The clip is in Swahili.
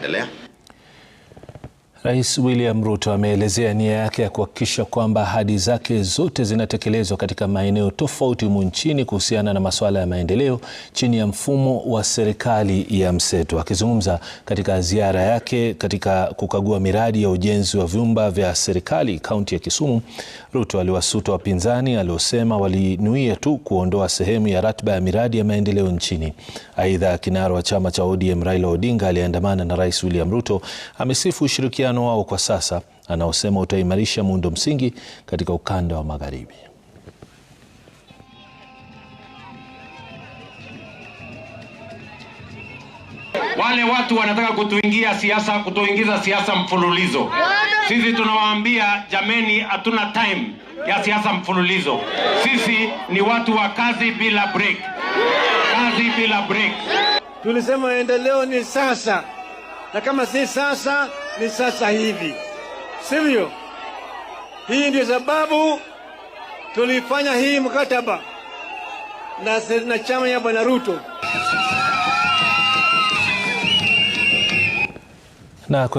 得了。Rais William Ruto ameelezea nia yake ya kuhakikisha kwamba ahadi zake zote zinatekelezwa katika maeneo tofauti humu nchini kuhusiana na masuala ya maendeleo chini ya mfumo wa serikali ya mseto. Akizungumza katika ziara yake katika kukagua miradi ya ujenzi wa vyumba vya serikali kaunti ya Kisumu, Ruto aliwasuta wapinzani aliosema walinuia tu kuondoa sehemu ya ratiba ya miradi ya maendeleo nchini. Aidha, kinara wa chama cha ODM Raila Odinga aliyeandamana na Rais William Ruto amesifu ushirikiano ushirikiano wao kwa sasa anaosema utaimarisha muundo msingi katika ukanda wa Magharibi. Wale watu wanataka kutuingia siasa, kutuingiza siasa mfululizo. Sisi tunawaambia jameni, hatuna time ya siasa mfululizo. Sisi ni watu wa kazi bila break, kazi bila break. Tulisema endeleo ni sasa, na kama si sasa ni sasa hivi, sivyo? Hii ndio sababu tulifanya hii mkataba na, na chama ya Bwana Ruto na